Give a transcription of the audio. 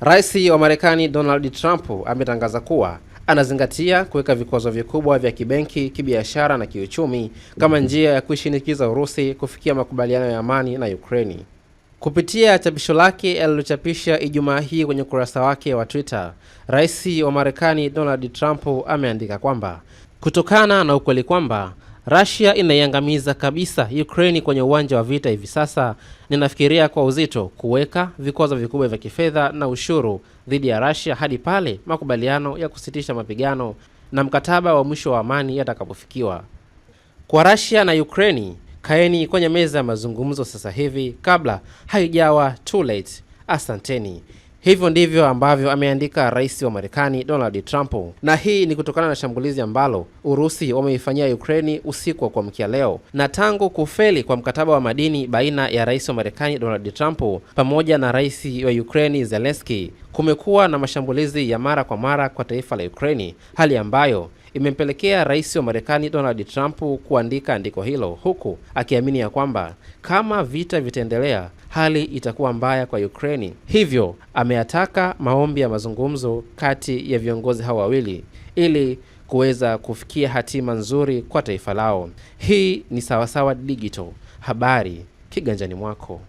Rais wa Marekani Donald Trump ametangaza kuwa anazingatia kuweka vikwazo vikubwa vya kibenki, kibiashara na kiuchumi kama njia ya kuishinikiza Urusi kufikia makubaliano ya amani na Ukraini. Kupitia chapisho lake alilochapisha Ijumaa hii kwenye ukurasa wake wa Twitter, Rais wa Marekani Donald Trump ameandika kwamba kutokana na ukweli kwamba Russia inaiangamiza kabisa Ukraine kwenye uwanja wa vita hivi sasa. Ninafikiria kwa uzito kuweka vikwazo vikubwa vya kifedha na ushuru dhidi ya Russia hadi pale makubaliano ya kusitisha mapigano na mkataba wa mwisho wa amani yatakapofikiwa. Kwa Russia na Ukraine, kaeni kwenye meza ya mazungumzo sasa hivi kabla haijawa too late. Asanteni. Hivyo ndivyo ambavyo ameandika rais wa Marekani Donald Trump, na hii ni kutokana na shambulizi ambalo Urusi wameifanyia Ukraini usiku wa kuamkia leo. Na tangu kufeli kwa mkataba wa madini baina ya rais wa Marekani Donald Trump pamoja na rais wa Ukraini zelenski kumekuwa na mashambulizi ya mara kwa mara kwa taifa la Ukraini, hali ambayo imempelekea rais wa Marekani Donald Trump kuandika andiko hilo, huku akiamini ya kwamba kama vita vitaendelea, hali itakuwa mbaya kwa Ukraini. Hivyo ameyataka maombi ya mazungumzo kati ya viongozi hao wawili ili kuweza kufikia hatima nzuri kwa taifa lao. Hii ni Sawasawa Digital, habari kiganjani mwako.